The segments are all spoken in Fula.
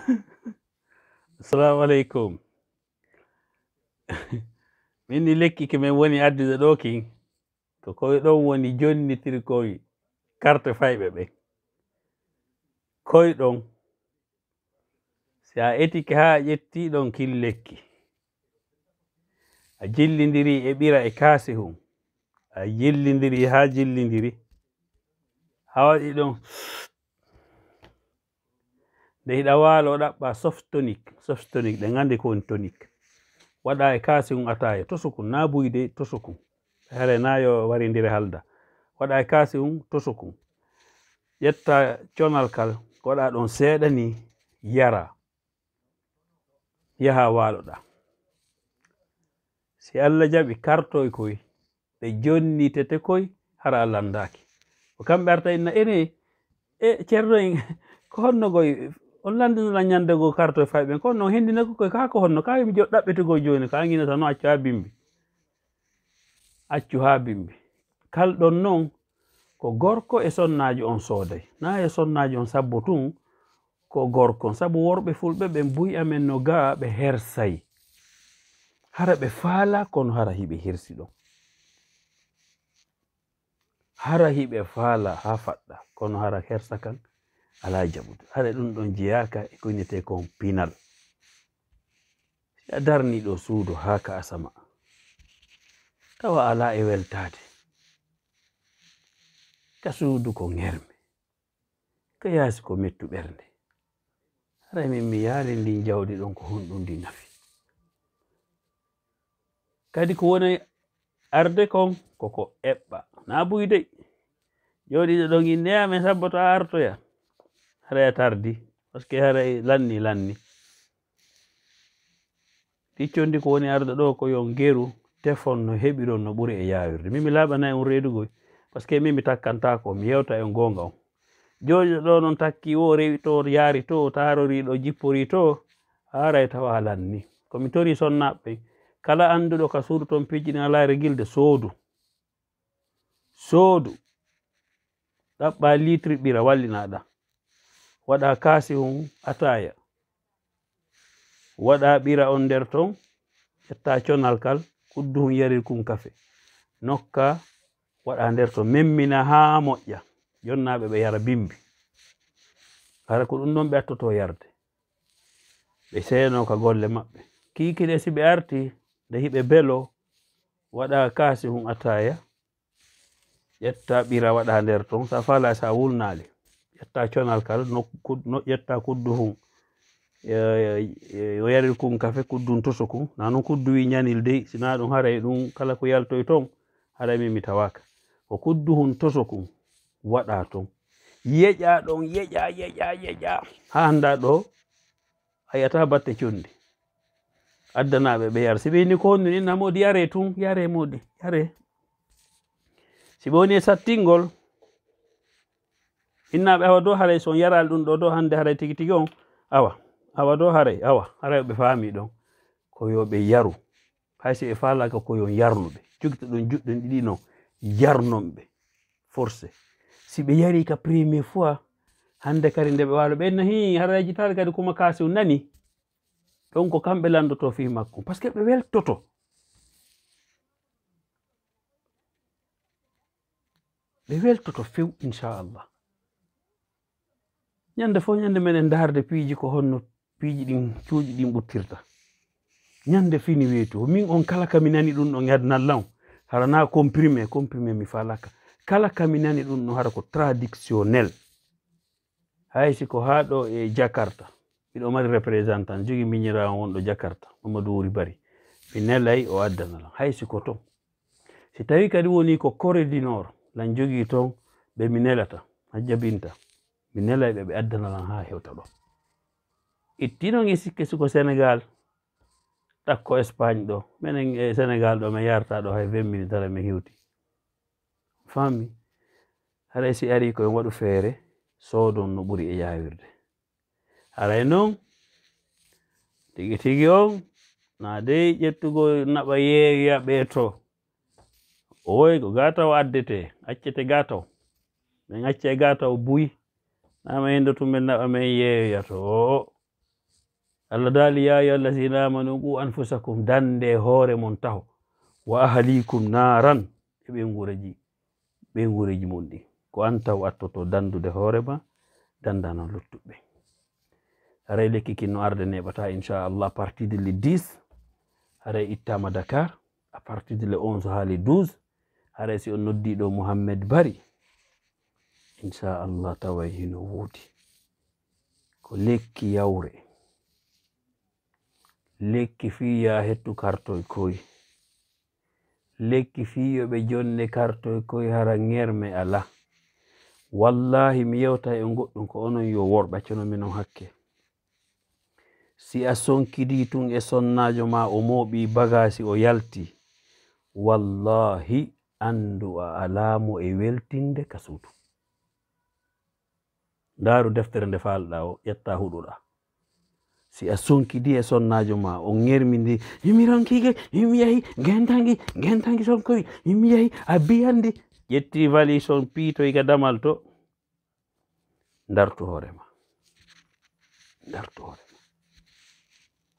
assalamu aleykum min ni lekki ke min woni adduda ɗo kin to koye ɗon woni jonnitirkoy carte fayɓe ɓe koye ɗon si a etike haa ƴetti ɗon kin lekki a jillidiri e ɓira e kaasi hum a jillidiri haa jillidiri haa waɗi ɗon nde hiɗa waalo ɗaɓɓa softonic softonic ɗe nganndi ko woni tonic waɗa e kaasi kum ataye tosokum naa buyde tosokum hele naa yo warindire halda waɗa e kaasi kum tosokum ƴetta conal kal waɗa ɗon seeɗa ni yara yaha waaloɗa si allah jaɓi kartoy koy ɓe jonnitete koy hara allah anndaaki ko kamɓe arta inna ene e ceerno en ko honnogoy on landinola ñandego karto fay ɓen kono noon henndina kokoy ka ko honno kaymi jo ɗaɓɓetigo jooni ka ginata noon accu ha bimbi accu ha bimbi kalɗon noon ko gorko e sonnaaji on sooday na e sonnaaji on sabbo tun ko gorkon sabu worɓe fulɓe ɓen buy amen no gaa ɓe hersay hara ɓe faala kono hara hiɓe hirsi ɗon hara hiɓe faala ha faɗɗa kono hara hersa kan ala jaɓudu haɗa ɗum ɗon jeyaka e koyneteko pinal si a darniɗo suudu ha ka asama tawa ala e weltade ka suudu ko germe ka yaasi ko mettu ɓernde hara min mi yaali ndin jawdi ɗon ko honɗum ndi nafi kadi ko wona arde kon koko eɓɓa na buydey joɗiɗo ɗon innea min e sabba to a artoyam haray tardi parce que haray lanni lanni ɗiccondi ko woni arɗo ɗo ko yo geru tefon no heɓiron no ɓuri e yawirde min mi laaɓana en redugoy parce que min mi takkantako mi yewta en gonga o joni ɗo noon takki wo rewi to yaari to taroriɗo jippori to haray tawa lanni komi tori sonnaɓe kala anduɗo ka suudu toon pijjini alaare gilde soodu soodu ɗaɓɓa litre ɓira wallinaɗa wada kasi on ataya wada bira on nder ton ƴetta conal kal kudduhum yarir kum kafe nokka wada nder ton memmina moja yonna be be yara bimbi kala ko ɗum be ɓe attoto yarde be seno ka golle maɓɓe kiikiɗe de ɓe arti de hibe belo wada kasi hum ataya yetta bira wada nder ton sa fala ƴetta conal kala no no ƴetta kuddu hun yo yarir kun kafe kuddun toso kun na noon kuddu wi ñanil dey sina ɗum haray ɗum kala ko yaltoy toon haray min mi tawaka ko kuddu hun toso kun waɗa toon yeƴa ɗon yeƴa yeƴa yeƴa ha anda ɗo a yiyata batte conndi addanaɓe ɓe yara si ɓeni ko honni ninna modi yare tun yare modi yare si ɓe woni e sattingol innaɓe awa dow haray so on yarali ɗum ɗo dow hannde haray tigi tigi on awa awa dow haray awa haray ɓe faami ɗon ko yoɓe yaru haysi ɓe falaka ko yo yarnuɓe jogito ɗum juɗɗum ɗiɗi noon yarnonɓe force si ɓe yari ka premier fois hannde kadi nde ɓe waalo ɓe nahi harayji tare kadi kuma kasiw nani ɗon ko kamɓe landoto fi makko par ce que ɓe weltoto ɓe weltoto few inchallah ñande fo ñande men en darde piiji ko honno piiji ɗin cuuƴi ɗin ɓuttirta ñande fini weeto min on kala kami nani ɗum ɗo gadnallan harana comprimé comprimé mi falaka kala kami nani ɗum ɗo hara ko traditionnel haysi ko haa ɗo e jakarta miɗo mari représentant jogi miñiraan wonɗo jakarta mamadou wori bari mi nelay o addanalan haysi ko ton si tawi kadi woni ko corée du nord lan jogii toon ɓe mi nelata a jabinta mi nelay ɓe ɓe addanalan ha hewta ɗo ittinon e sikke siko sénégal takko espagne ɗo minen e sénégal ɗo mi yarata ɗo hay vingt minute tara mi hewti fammi haray si ari koye waɗu feere soodon no ɓuri e yawirde haray noon tigi tigi on na dey ƴettugo naɓa yeeya ɓeeto oy ko gataw addete accete gataw min acce gataw buy amen do tumen na amen yeeyato allah dali ya ya allazina amanu anfusakum dande hoore mon taho wa ahlikum naran e ɓe ngureji mundi. ngureji mon atoto ko du de attoto dandude ba dan dandano lutu be lekki kinno arde neɓata inchallah Allah de le 10 haray itama dakar a partir de le 11 ha le 12 si on do Muhammad bari insha allah tawa hino wuudi ko lekki yawre lekki fi ya hettu kartoy koye lekki fi yoɓe jonne kartoy koye hara ŋerme ala wallahi mi yewta e goɗɗum ko onon yo worɓa cono minon hakke si a sonkidi tun e sonnajo ma o mooɓi bagasi o yalti wallahi andu a alamo e weltinde ka suutu ndaaru deftere nde faalɗa o ƴetta huɗoɗa si a sonkidi e sonnajo ma o germidi yimi ronkiki yimi yeehi gentangi gentangi sonkowi yimi yeehi a biyandi ƴetti valis on piitoyga damal to dartu hoorema dartu hoorema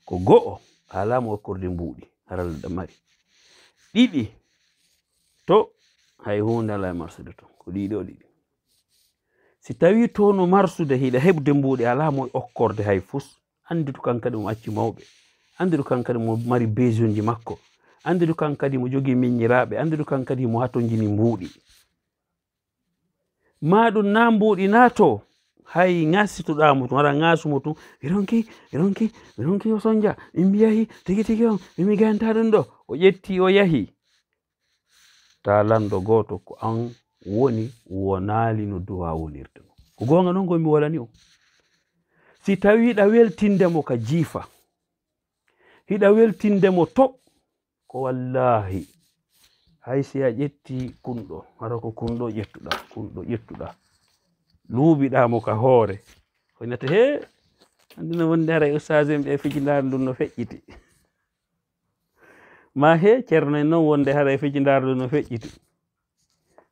ko go'o alama wakkurde mbuuɗi haralle ɗa mari ɗiɗi to hay hunde ala e marsude ton ko ɗiɗo ɗiɗi si tawi tono marsude hiɗa hebde mbuɗe ala mo okkorde hay fus andi to kankadi mo acci mawɓe andi to kankadi mo mari besion ji makko andi to kankadi mo jogi miññiraaɓe andi to kankadi mo hato jini mbuuɗi ma ɗum na mbuuɗi na to hay ŋasitoɗamo tun wara ŋasumo tun ironki ironki eronki o sonja imi yahi tigi tigi on imi gantaɗum ɗo o ƴetti o yahi ta lanɗo goto ko an woni wonaali no duwa wonirde mo ko goonga noon ngomi wolani o si tawi hiɗa weltindemo ka jiifa hiɗa weltindemo to ko wallahi hay si a ƴetti kunɗo hata ko kunɗo ƴettuɗa kunɗo ƴettuɗa luuɓiɗamo ka hoore honata he andino wonde ara ustage ɓe fijindaaru ndu no feƴƴiti ma he ceerno en noon wonde hara e fijindaaru ndu no feƴƴiti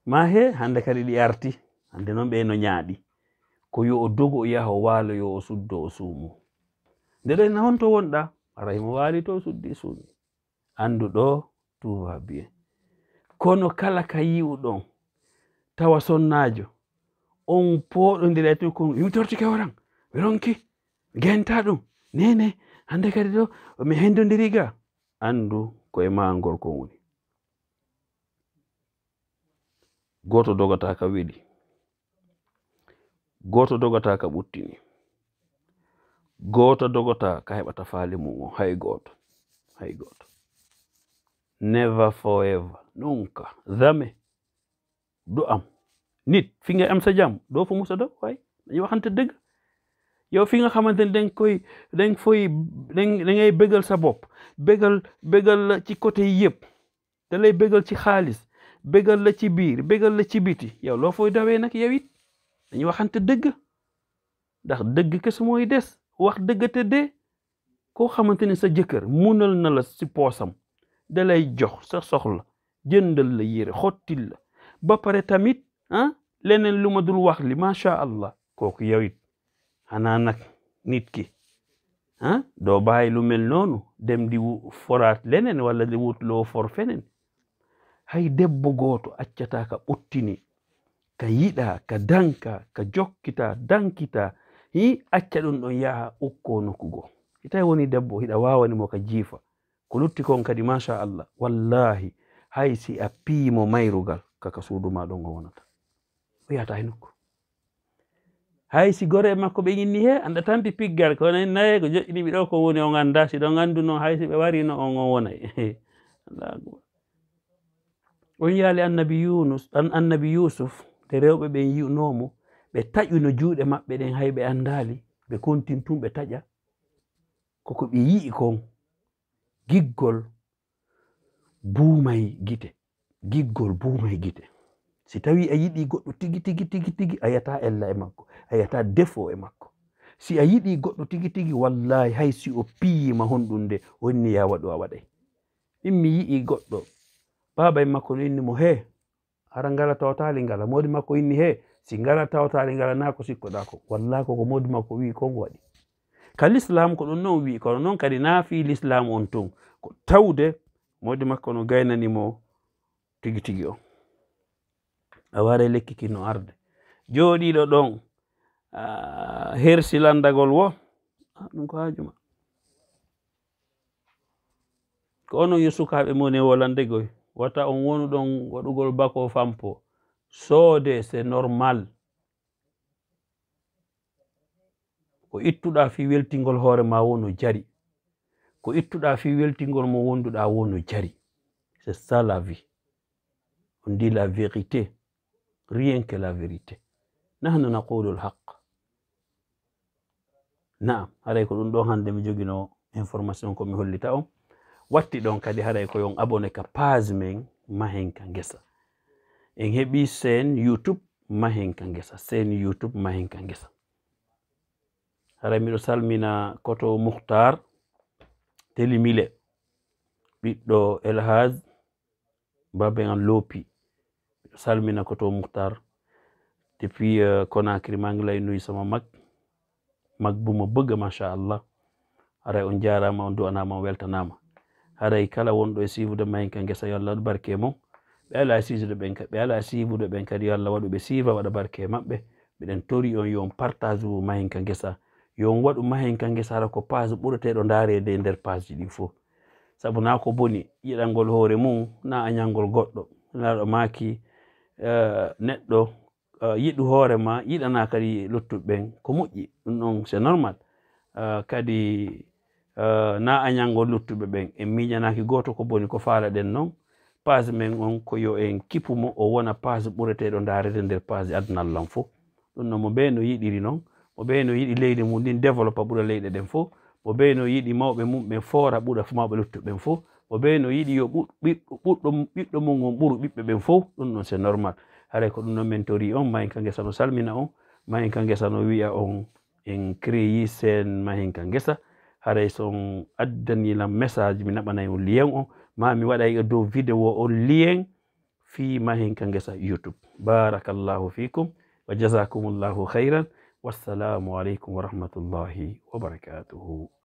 mahe hande kadi ɗi arti hande noon ɓe no ñaaɗi ko yo o dogo o yaha o waalo yo o suddo o suumo nde ɗo nahon to wonɗa rahimo waali to suddi suumi andu ɗo tuba biye kono kala ka yiwɗon tawa sonnaajo on pooɗodira e tukon yimtorti kewaran mi ronki genta ɗum nene hande kadi ɗo mi hendodiri ga andu koye maa gorkon woni goto dogata ka weɗi goto dogata ka ɓuttini goto dogota ka heɓata faali mum o hay goto hay goto never forever nunka jamais du am nit fi nga am sa jàmm doo fa musa dog waaye dañu waxante dëgg yow fi nga xamante ne dañ koy dañ koy dañ ngay bégal sa bopp bégal bégal ci côté yëpp da ci xaalis bégal la ci biir bégal la ci biti yow loo fooy dawee nag yow it dañuy waxante dëgg ndax dëgg kese mooy des wax dëgg te de koo xamante ne sa jëkkër munal na la si poosam da lay jox sa soxla jëndal la yére xottil la ba pare tamit ah leneen lu ma dul wax li macha allah kooku yow it xanaa nag nit ki ah, doo bàyyi lu mel noonu dem di foraat leneen wala di wut loo for feneen hay debbo gooto accata ka ɓuttini ka yiɗa ka danka ka jokkita dankita hi acca ɗum ɗon yaha ukko nokkugo itawi woni debbo hiɗa wawanimo ka jiifa ko lutti kon kadi machallah wallahi hay si a piimo mayrugal kaka suuduma ɗon o wonata o yata hay nokku hay si gore makko ɓe yinni he anda tampi piggal kono nayi ko joƴƴiniɓi ɗo ko woni on anda si ɗon anndu noon hay si ɓe warino on on wonay allahu akbar on yaali annabi yunus an annabi yusuf nde rewɓe ɓen yinomo ɓe taƴu no juuɗe maɓɓe ɗen hay ɓe anndali ɓe kontin tun ɓe taƴa koko ɓe yi'i kon giggol buumay gite giggol buumay gite si tawi a yiɗi goɗɗo tigi tigi tigi tigi a yiyata ella e makko a yiyata defo e makko si a yiɗi goɗɗo tigi tigi wallahi hay si o piyima honɗum nde onni yawa ɗo a waɗay ɗin mi yi'i goɗɗo babay makko no inni mo he ara ngala tawtali ngala modi makko inni he si ngala tawtali ngala na ko sikkoɗa ko walla koko modi makko wi kon waɗi ka l'islam ko ɗon noon wi kono noon kadi naafi l'islam on ton ko tawde modi makko no gaynanimo tigi tigi on a wara lekki kinno arde joɗiɗo ɗon hersi landagol wo ah, ɗum ko hajuma ko onon yo sukaɓe mone wolandegoy wata on wonu ɗon waɗugol bako fampo soode se normal ko ittuɗa fi weltingol hoorema wonu jari ko ittuɗa fi weltingol mo wonduɗa wonu jari c'est ça la vie on dit la vérité rien que la vérité nahnu naqulu lhaq naam haray ko ɗum ɗo hande mi jogino information ko mi hollita on wati don kadi haray e ko yon abone ka page mahen kangesa en hebi sen youtube mahen kangesa sen youtube mahen kangesa Hara haray salmina koto muhtar telimile bido elhaz babe an lopi salmina koto muhtar, depuis conacry euh, kona ngi lay nuy sama mag buma beug ma sha allah ara on ma on do anama weltanama haray kala wonɗo e siifude ma hen ka gesa yo allah waɗa barke mum ɓe ala siisude ɓen ɓe ala siifude ɓen kadi yo allah waɗu ɓe siifa waɗa barke maɓɓe miɗen tori on yon partage u ma hen ka gesa yon waɗu ma hen ka gesa ara ko page ɓurateɗo darede e nder page ji ɗi fo saabu na ko boni yiɗalngol hoore mum na a ñalngol goɗɗo naɗo maaki eh, neɗɗo eh, yiɗu hoorema yiɗana kadi luttuɓe ɓen ko moƴƴi ɗum ɗon c'est normal eh, kadi uh, Eh, na a ñango luttuɓe ɓen en miñanaki goto ko boni ko faalaɗen noon page men on ko yo en kipumo o wona page ɓureteɗo darede nder page adunallan fo ɗum noon mo ɓe no yiɗiri noon mo ɓe no yiɗi leydi mum ndin développe ɓuura leyɗe ɗen fo mo ɓe no yiɗi mawɓe mumɓe foora ɓuura mawɓe luttuɓen fo mo ɓe no yiɗi yo ɓuɗɗo ɓiɗɗo mum on ɓuuru ɓiɓɓe ɓen fo ɗum noon c'est normal haray ko ɗum noon min tori on ma hen ka ngesa no salmina on ma hen ka ngesa no wiya on en créyi sen ma hen ka ngesa haray so on addanilam message mi naɓanayi on lien o ma mi waɗay e dow vidéo on lien fi mahin ka gesa youtube barakallahu fikum wa jasakumullahu hayran wassalamu aleykum wa rahmatullahi wa barakatuhu